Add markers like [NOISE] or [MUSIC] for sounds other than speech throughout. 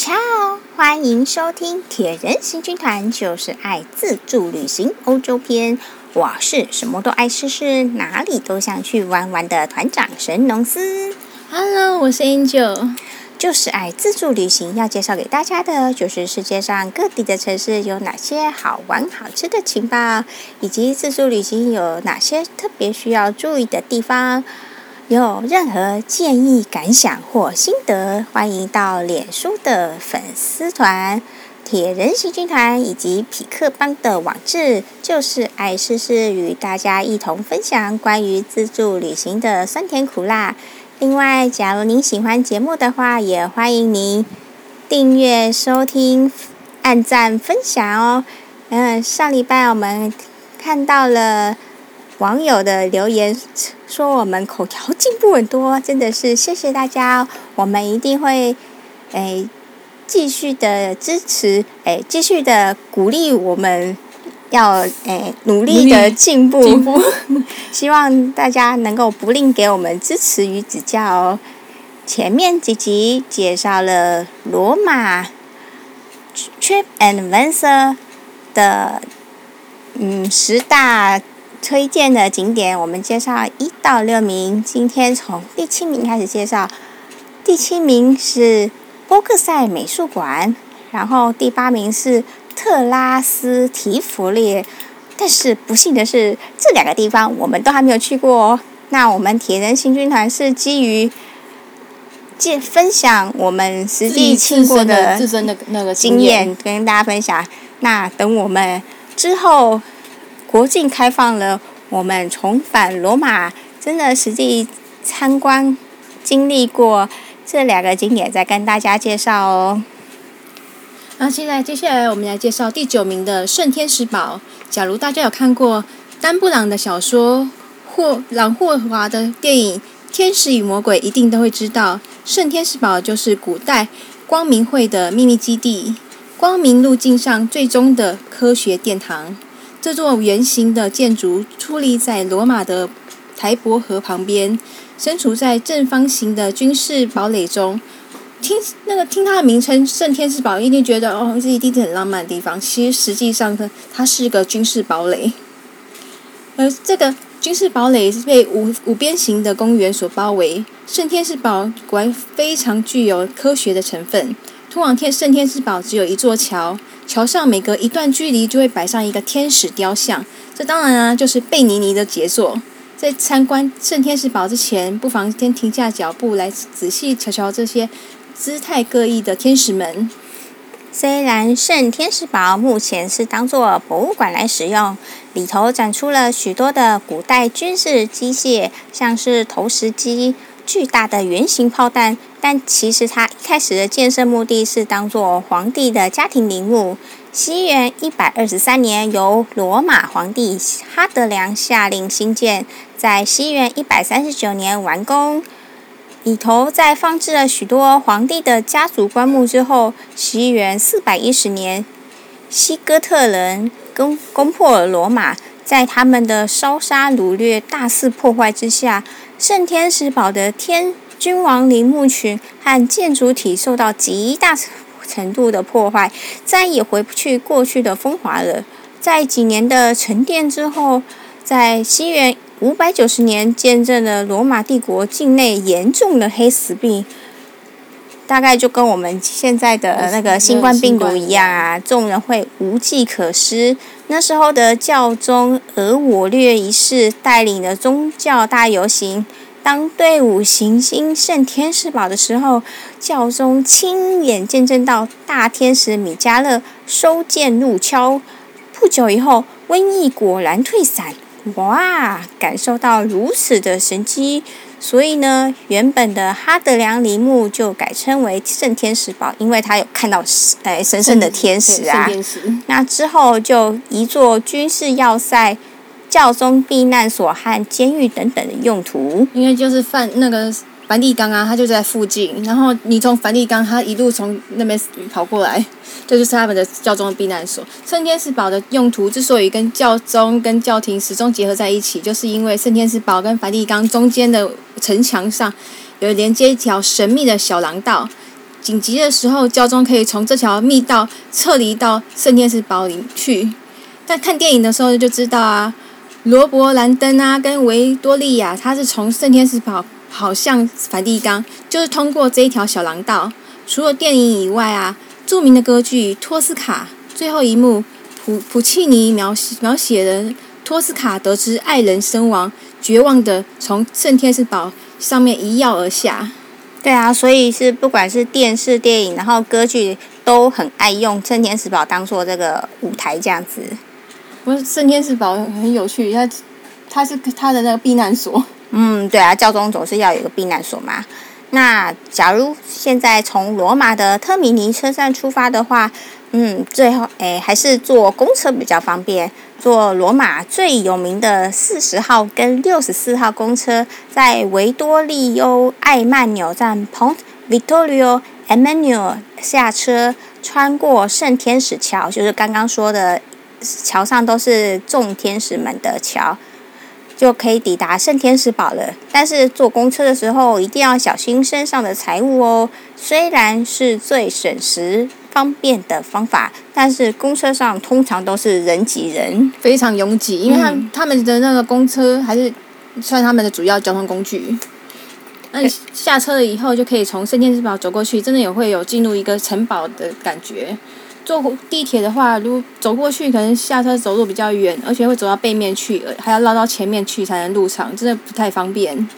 Ciao，歡迎收聽《鐵人行軍團》，就是愛自助旅行歐洲篇。我是什麼都愛試試，哪裡都想去玩玩的團長神農司。Hello，我是 Angel，就是愛自助旅行。要介紹給大家的，就是世界上各地的城市有哪些好玩好吃的情報，以及自助旅行有哪些特別需要注意的地方。有任何建議、感想或心得，歡迎到臉書的粉絲團“鐵人行軍團”以及匹克幫的網誌，就是愛試試與大家一同分享關於自助旅行的酸甜苦辣。另外，假如您喜歡節目的話，也歡迎您訂閱收聽、按讚分享哦。嗯、呃，上禮拜我們看到了。網友的留言說：“我們口條進步很多，真的是謝謝大家、哦！我們一定會，誒、欸，繼續的支持，誒、欸，繼續的鼓勵，我們要誒、欸、努力的進步。進步 [LAUGHS] 希望大家能夠不吝給我們支持與指教哦。前面幾集介紹了羅馬《Trip and Wander 的嗯十大。”推薦的景點，我們介紹一到六名。今天從第七名開始介紹。第七名是波克塞美術館，然後第八名是特拉斯提弗列。但是不幸的是，這兩個地方我們都還沒有去過、哦。那我們鐵人行軍團是基於，借分享我們實際親過的經的，的、那個、那個經驗，經驗跟大家分享。那等我們之後。國境開放了，我們重返羅馬，真的實際參觀、經歷過這兩個景點，再跟大家介紹哦。那現在接下來我們來介紹第九名的聖天使堡。假如大家有看過丹布朗的小說霍朗·霍華的電影《天使與魔鬼》，一定都會知道，聖天使堡就是古代光明會的秘密基地，光明路徑上最終的科學殿堂。這座圓形的建築矗立在羅馬的台伯河旁邊，身處在正方形的軍事堡壘中。聽那個聽它的名稱“聖天使堡”，一定覺得哦，這一定是很浪漫的地方。其實實際上呢，它是一個軍事堡壘，而這個軍事堡壘是被五五邊形的公園所包圍。聖天使堡果然非常具有科學的成分。通往聖天使堡只有一座橋，橋上每隔一段距離就會擺上一個天使雕像，這當然啊就是貝尼尼的傑作。在參觀聖天使堡之前，不妨先停下腳步來仔細瞧瞧這些姿態各異的天使們。雖然聖天使堡目前是當做博物館來使用，裡頭展出了許多的古代軍事機械，像是投石機、巨大的圓形炮彈。但其實它一開始的建設目的是當做皇帝的家庭陵墓。西元一百二十三年，由羅馬皇帝哈德良下令興建，在西元一百三十九年完工。裡頭在放置了許多皇帝的家族棺木之後，西元四百一十年，西哥特人攻攻破了羅馬，在他們的燒殺擄掠、大肆破壞之下，聖天使堡的天君王陵墓群和建築體受到極大程度的破壞，再也回不去過去的風華了。在幾年的沉澱之後，在西元五百九十年，見證了羅馬帝國境內嚴重的黑死病，大概就跟我們現在的那個新冠病毒一樣啊，眾人會無計可施。那時候的教宗額我略一世帶領了宗教大遊行。當隊伍行經聖天使堡的時候，教宗親眼見證到大天使米迦勒收劍入鞘。不久以後，瘟疫果然退散。哇，感受到如此的神奇，所以呢，原本的哈德良陵墓就改稱為聖天使堡，因為他有看到神神聖的天使啊。使那之後就一座軍事要塞。教宗避難所和監獄等等的用途，因為就是梵那個梵蒂岡啊，它就在附近。然後你從梵蒂岡，它一路從那邊跑過來，這就，就是他們的教宗的避難所。聖天使堡的用途之所以跟教宗跟教廷始終結合在一起，就是因為聖天使堡跟梵蒂岡中間的城牆上有連接一條神秘的小廊道，緊急的時候教宗可以從這條密道撤離到聖天使堡裡去。但看電影的時候就知道啊。羅伯·蘭登啊，跟維多利亞，他是從聖天使堡跑向梵蒂岡，就是通過這一條小廊道。除了電影以外啊，著名的歌劇《托斯卡》最後一幕，普普契尼描寫描寫的托斯卡得知愛人身亡，絕望的從聖天使堡上面一躍而下。對啊，所以是不管是電視、電影，然後歌劇，都很愛用聖天使堡當做這個舞台這樣子。不是聖天使堡很有趣，它它是它的那個避難所。嗯，對啊，教宗總是要有一個避難所嘛。那假如現在從羅馬的特米尼車站出發的話，嗯，最後誒還是坐公車比較方便。坐羅馬最有名的四十號跟六十四號公車，在維多利優艾曼紐站 Ponte Vittorio Emanuele 下車，穿過聖天使橋，就是剛剛說的。橋上都是眾天使們的橋，就可以抵達聖天使堡了。但是坐公車的時候一定要小心身上的財物哦。雖然是最省時方便的方法，但是公車上通常都是人擠人，非常擁擠。因為他們他們的那個公車還是算他們的主要交通工具。下車了以後，就可以從聖天使堡走過去，真的也會有進入一個城堡的感覺。坐地鐵的話，如果走過去，可能下車走路比較遠，而且會走到背面去，還要繞到前面去才能入場，真的不太方便。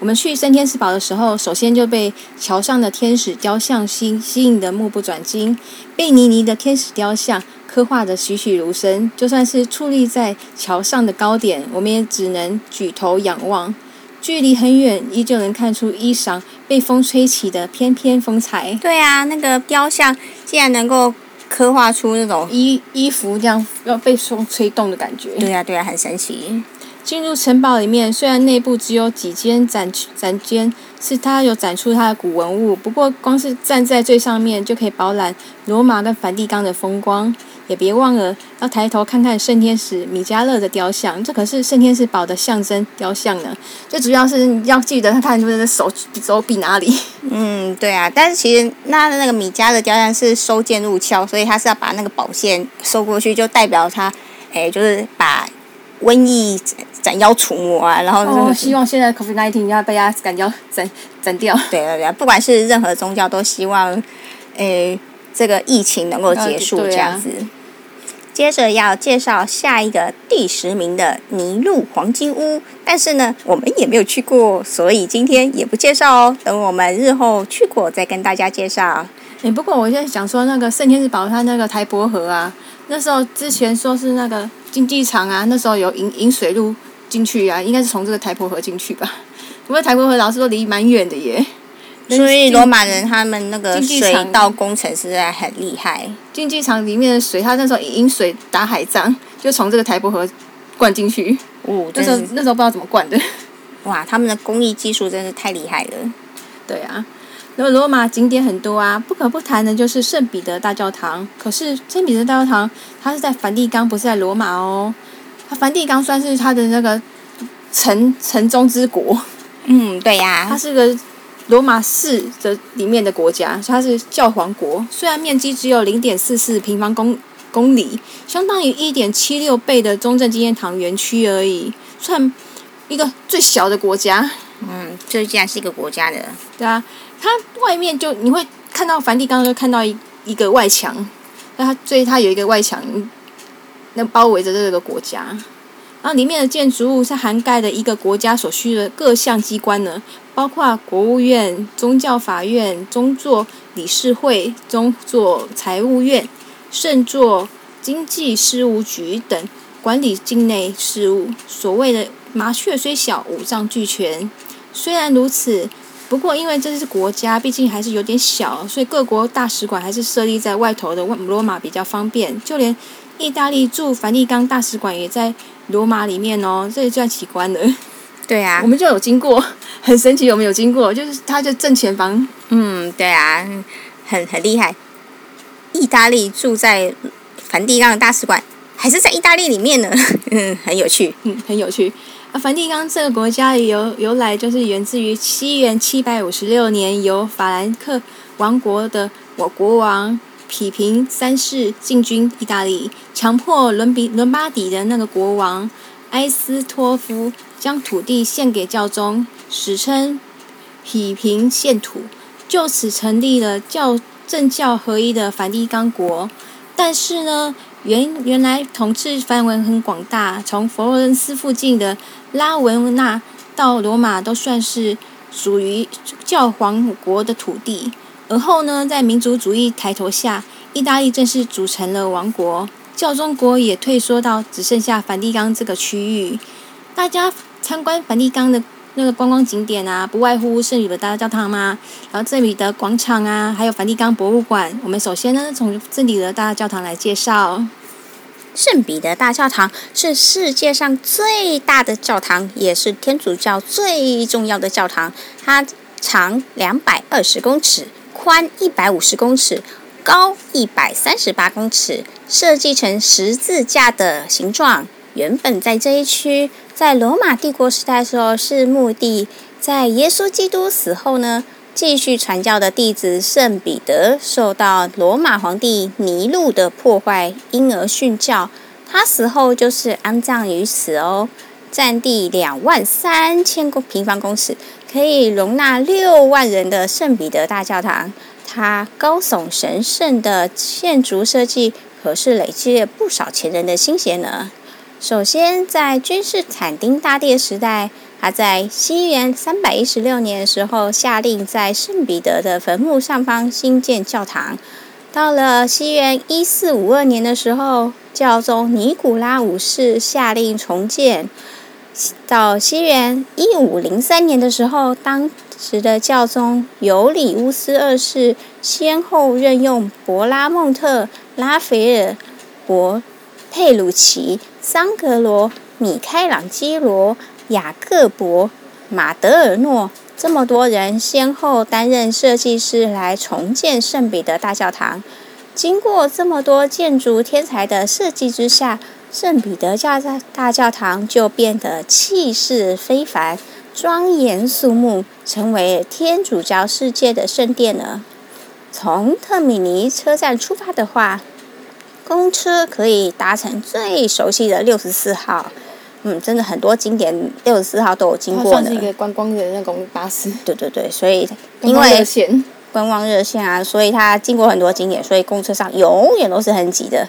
我們去聖天使堡的時候，首先就被橋上的天使雕像吸吸引得目不轉睛，貝尼尼的天使雕像刻畫得栩栩如生，就算是矗立在橋上的高點，我們也只能舉頭仰望。距離很遠，依舊能看出衣裳被風吹起的翩翩風采。對啊，那個雕像竟然能夠刻畫出那種衣衣服這樣要被風吹動的感覺。對啊，對啊，很神奇。進入城堡裡面，雖然內部只有幾間展展間，是它有展出它的古文物。不過，光是站在最上面就可以飽覽羅馬跟梵蒂岡的風光。也別忘了要抬頭看看聖天使米迦勒的雕像，這可是聖天使堡的象徵雕像呢。最主要是你要記得他抬着的手手臂哪裡？嗯，對啊。但是其實那那個米迦勒的雕像是收劍入鞘，所以他是要把那個寶劍收過去，就代表他，哎、欸，就是把瘟疫斬斬妖除魔啊。然後、就是哦、希望現在 COVID-19 要被他斬妖斬斬掉。對、啊、對對、啊，不管是任何宗教都希望，哎、欸，這個疫情能夠結束這樣子。接着要介紹下一個第十名的尼祿黃金屋，但是呢，我們也沒有去過，所以今天也不介紹哦。等我們日後去過再跟大家介紹。欸，不過我現在想說，那個聖天使堡它那個台伯河啊，那時候之前說是那個競技場啊，那時候有引引水路進去啊，應該是從這個台伯河進去吧？不過台伯河老實說離蠻遠的耶。所以羅馬人他們那個水道工程實在很厲害。競技場裡面的水，他那時候引水打海戰，就從這個台伯河灌進去。哦，那時候那時候不知道怎麼灌的。哇，他們的工藝技術真是太厲害了。對啊，那麼羅馬景點很多啊，不可不談的就是聖彼得大教堂。可是聖彼得大教堂它是在梵蒂岡，不是在羅馬哦。它梵蒂岡算是它的那個城城中之國。嗯，對呀，啊。它是個。羅馬市的裡面的國家，它是教皇國，雖然面積只有零點四四平方公公里，相當於一點七六倍的中正紀念堂園區而已，算一個最小的國家。嗯，這竟然是一個國家的。對啊，它外面就你會看到梵蒂岡，就看到一一個外牆，那它最它有一個外牆，那包圍着這個國家。然後、啊、裡面的建築物是涵蓋的一個國家所需的各項機關呢，包括國務院、宗教法院、宗座理事會、宗座財務院、聖座經濟事務局等，管理境內事務。所謂的麻雀雖小，五臟俱全。雖然如此，不過因為這是國家，畢竟還是有點小，所以各國大使館還是設立在外頭的。羅馬比較方便，就連意大利駐梵蒂岡大使館也在羅馬裡面哦，這也算奇觀了。對啊，我們就有經過，很神奇，我們有經過，就是它就正前方，嗯，對啊，很很厲害。意大利住在梵蒂岡的大使館，還是在意大利裡面呢，嗯，很有趣。嗯，很有趣。啊，梵蒂岡這個國家由由來，就是源自於西元七百五十六年，由法蘭克王國的我國王，匹平三世進軍意大利，強迫倫比倫巴底的那個國王埃斯托夫將土地獻給教宗，史稱匹平獻土，就此成立了教政教合一的梵蒂岡國。但是呢，原原來統治範圍很廣大，從佛羅倫斯附近的拉文納到羅馬都算是屬於教皇國的土地。而後呢，在民族主義抬頭下，意大利正式組成了王國，教宗國也退縮到只剩下梵蒂岡這個區域。大家參觀梵蒂岡的那個觀光景點啊，不外乎聖彼得大教堂嘛，然後聖彼得廣場啊，還有梵蒂岡博物館。我們首先呢，從聖彼得大教堂來介紹。聖彼得大教堂是世界上最大的教堂，也是天主教最重要的教堂。它長兩百二十公尺。寬一百五十公尺，高一百三十八公尺，設計成十字架的形狀。原本在這一區，在羅馬帝國時代的時候是墓地。在耶穌基督死後呢，繼續傳教的弟子聖彼得受到羅馬皇帝尼祿的破壞，因而殉教。他死後就是安葬於此哦，占地兩萬三千公平方公尺。可以容納六萬人的聖彼得大教堂，它高聳神聖的建築設計，可是累積了不少前人的心血呢。首先，在君士坦丁大帝時代，他在西元316年的時候下令在聖彼得的墳墓上方興建教堂。到了西元1452年的時候，教宗尼古拉五世下令重建。到西元一五零三年的時候，當時的教宗尤里烏斯二世先後任用博拉蒙特、拉斐爾、博佩魯奇、桑格羅、米開朗基羅、雅各伯、馬德爾諾這麼多人先後擔任設計師來重建聖彼得大教堂。經過這麼多建築天才的設計之下，聖彼得大教堂就變得氣勢非凡、莊嚴肅穆，成為天主教世界的聖殿了。從特米尼車站出發的話，公車可以搭乘最熟悉的64號。嗯，真的很多景點64號都有經過的。算是一個觀光的那種巴士。對對對，所以因為觀光熱線啊，所以他經過很多景點，所以公車上永遠都是很擠的。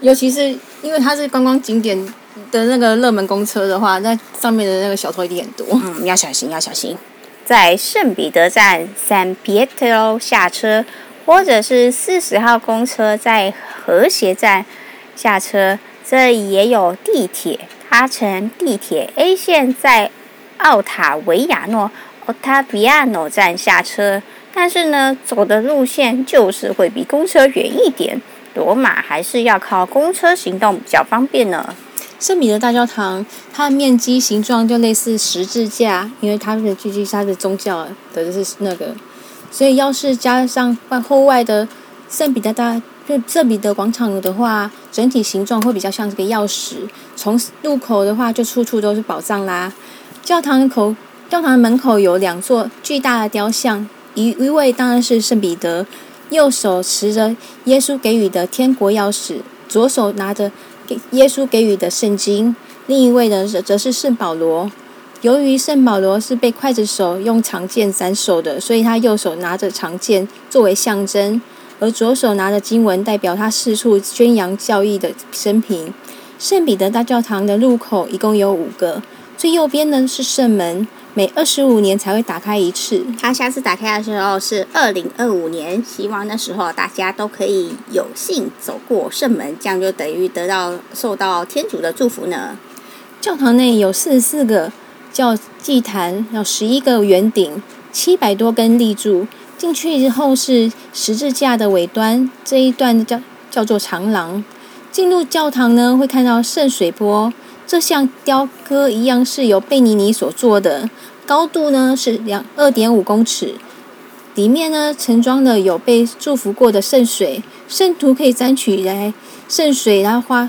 尤其是因為它是觀光景點的那個熱門公車的話，那上面的那個小偷一定很多。嗯，要小心，要小心。在聖彼得站 （San Pietro） 下車，或者是四十號公車在和諧站下車。這裡也有地鐵，搭乘地鐵 A 線在奧塔維亞諾 （Ottaviano） 站下車。但是呢，走的路線就是會比公車遠一點。羅馬還是要靠公車行動比較方便呢。聖彼得大教堂，它的面積形狀就類似十字架，因為它的聚集，它是宗教的、就是那個，所以要是加上外戶外的聖彼得大就聖彼得廣場的話，整體形狀會比較像這個鑰匙。從入口的話，就處處都是寶藏啦。教堂口教堂門口有兩座巨大的雕像，一一位當然是聖彼得。右手持着耶穌給予的天國鑰匙，左手拿着耶穌給予的聖經。另一位呢，則是聖保羅。由於聖保羅是被劊子手用長劍斬首的，所以他右手拿着長劍作為象徵，而左手拿着經文，代表他四處宣揚教義的生平。聖彼得大教堂的入口一共有五個，最右邊呢是聖門。每二十五年才會打開一次。它下次打開的時候是二零二五年，希望那時候大家都可以有幸走過聖門，這樣就等於得到受到天主的祝福呢。教堂內有四十四個叫祭壇，有十一個圓頂，七百多根立柱。進去之後是十字架的尾端，這一段叫叫做長廊。進入教堂呢，會看到聖水缽。這像雕刻一樣是由貝尼尼所做的，高度呢是兩二點五公尺，裡面呢盛裝的有被祝福過的聖水，聖徒可以沾取來聖水，然後畫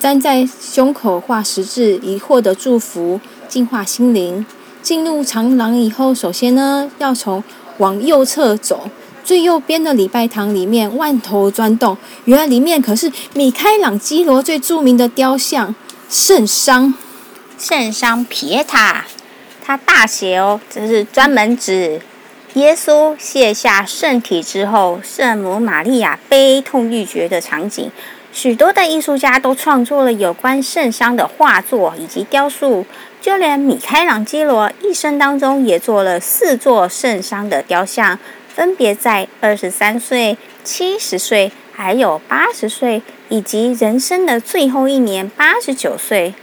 沾在胸口畫十字，以獲得祝福，淨化心靈。進入長廊以後，首先呢要從往右側走，最右邊的禮拜堂裡面萬頭攢動，原來裡面可是米開朗基羅最著名的雕像。聖殤、聖殤皮耶塔，它大寫哦，這是專門指耶穌卸下聖體之後，聖母瑪利亞悲痛欲絕的場景。許多的藝術家都創作了有關聖殤的畫作以及雕塑，就連米開朗基羅一生當中也做了四座聖殤的雕像，分別在二十三歲、七十歲，還有八十歲。以及人生的最後一年，八十九歲，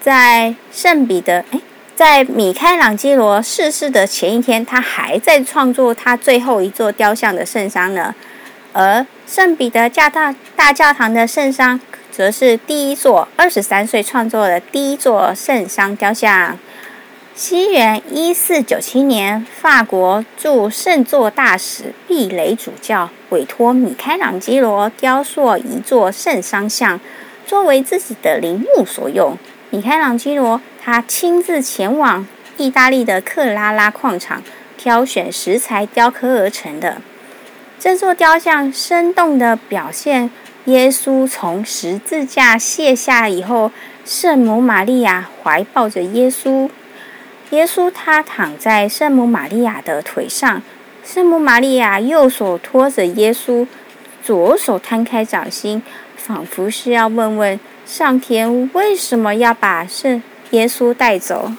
在聖彼得，哎，在米開朗基羅逝世的前一天，他還在創作他最後一座雕像的聖殤呢。而聖彼得教大大教堂的聖殤，則是第一座，二十三歲創作的第一座聖殤雕像。西元一四九七年，法國駐聖座大使畢雷主教委託米開朗基羅雕塑一座聖殤像，作為自己的陵墓所用。米開朗基羅他親自前往意大利的克拉拉礦場挑選石材，雕刻而成的這座雕像生動地表現耶穌從十字架卸下以後，聖母瑪利亞懷抱着耶穌。耶穌他躺在聖母瑪利亞的腿上，聖母瑪利亞右手托着耶穌，左手攤開掌心，仿佛是要問問上天為什麼要把聖耶穌帶走。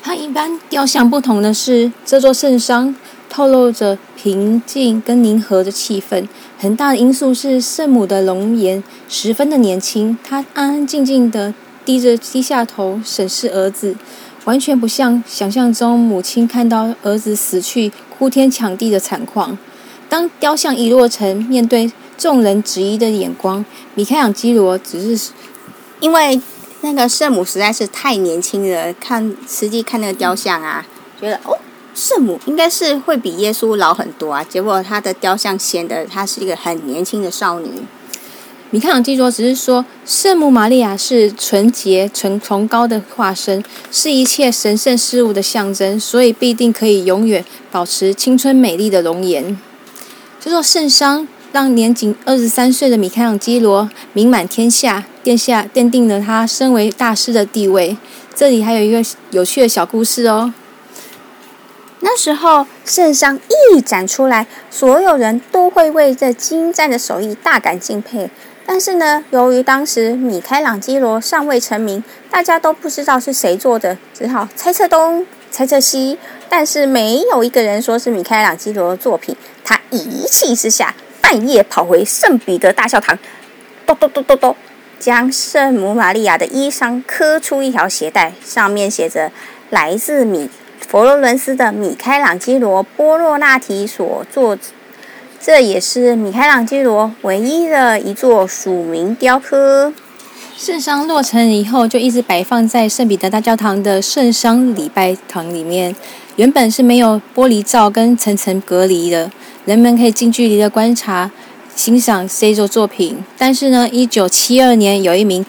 和一般雕像不同的是，這座聖殤透露着平靜跟寧和的氣氛。很大的因素是聖母的容顏十分的年輕，她安安靜靜的低着低下頭審視兒子。完全不像想象中，母親看到兒子死去哭天搶地的慘況。當雕像一落成，面對眾人質疑的眼光，米開朗基羅只是因為那個聖母實在是太年輕了。看實際看那個雕像啊，覺得哦，聖母應該是會比耶穌老很多啊。結果他的雕像顯得她是一個很年輕的少女。米開朗基羅只是說，聖母瑪利亞是純潔、純崇高的化身，是一切神聖事物的象徵，所以必定可以永遠保持青春美麗的容顏。這座聖殤讓年僅二十三歲的米開朗基羅名滿天下，殿下奠定了他身為大師的地位。這裡還有一個有趣的小故事哦。那時候，聖殤一展出來，所有人都會為這精湛的手藝大感敬佩。但是呢，由於當時米開朗基羅尚未成名，大家都不知道是誰做的，只好猜測東，猜測西。但是沒有一個人說是米開朗基羅的作品。他一氣之下，半夜跑回聖彼得大教堂，咚咚咚咚咚，將聖母瑪利亞的衣裳，磕出一條鞋帶，上面寫着“來自米佛羅倫斯的米開朗基羅·波洛納提所作”。這也是米開朗基羅唯一的一座署名雕刻。聖殤落成以後，就一直擺放在聖彼得大教堂的聖殤禮拜堂裡面。原本是沒有玻璃罩跟層層隔離的，人們可以近距離的觀察、欣賞這座作品。但是呢，1972年，有一名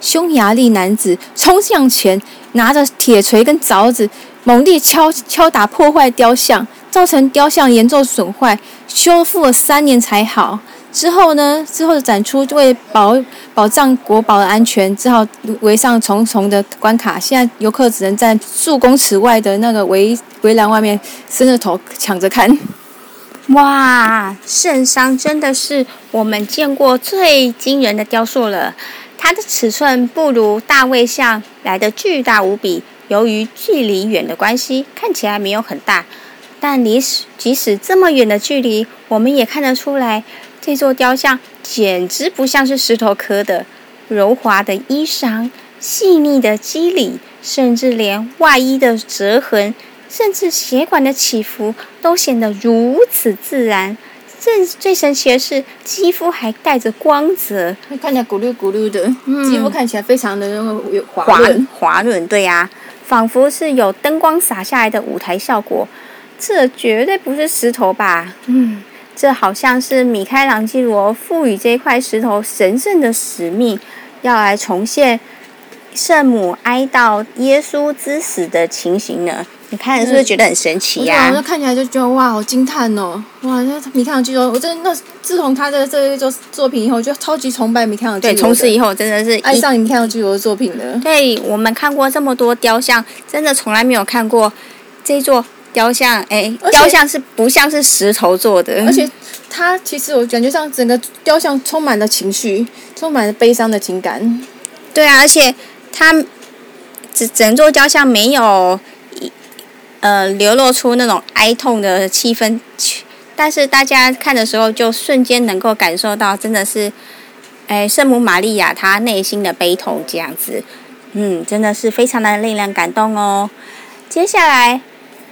匈牙利男子衝向前，拿着鐵錘跟鑿子。猛地敲敲打破壞雕像，造成雕像嚴重損壞，修復了三年才好。之後呢？之後展出為保保障國寶的安全，只好圍上重重的關卡。現在遊客只能在數公尺外的那個圍圍欄外面伸着頭搶着看。哇，聖殤真的是我們見過最驚人的雕塑了，它的尺寸不如大衛像來得巨大無比。由於距離遠的關係，看起來沒有很大，但離即使這麼遠的距離，我們也看得出來，這座雕像簡直不像是石頭刻的。柔滑的衣裳、細膩的肌理，甚至連外衣的折痕，甚至血管的起伏，都顯得如此自然。甚至最神奇的是，肌膚還帶着光澤，看起來咕嚕咕嚕的，嗯、肌膚看起來非常的滑潤滑，滑潤。對呀、啊。仿佛是有燈光灑下來的舞台效果，這絕對不是石頭吧？嗯，這好像是米開朗基羅賦予這塊石頭神聖的使命，要來重現聖母哀悼耶穌之死的情形呢。你看是不是覺得很神奇呀、啊？我就看起來就覺得哇，好驚嘆哦！哇，那米開朗基羅，我真的自從他的這一座作品以後，我就超級崇拜米開朗基羅。對，從此以後真的是愛上米開朗基羅的作品了。對，我們看過這麼多雕像，真的從來沒有看過這座雕像。哎、欸，且雕像是不像是石頭做的？而且，它其實我感覺上整個雕像充滿了情緒，充滿了悲傷的情感。對啊，而且它整整座雕像沒有。呃，流露出那種哀痛的氣氛，呃，但是大家看的時候就瞬間能夠感受到，真的是，誒，聖母瑪利亞她內心的悲痛這樣子，嗯，真的是非常的令人感動哦。接下來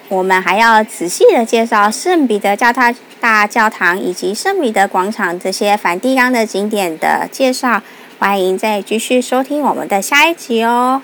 我們還要仔細的介紹聖彼得教大大教堂以及聖彼得廣場這些梵蒂岡的景點的介紹，歡迎再繼續收聽我們的下一集哦。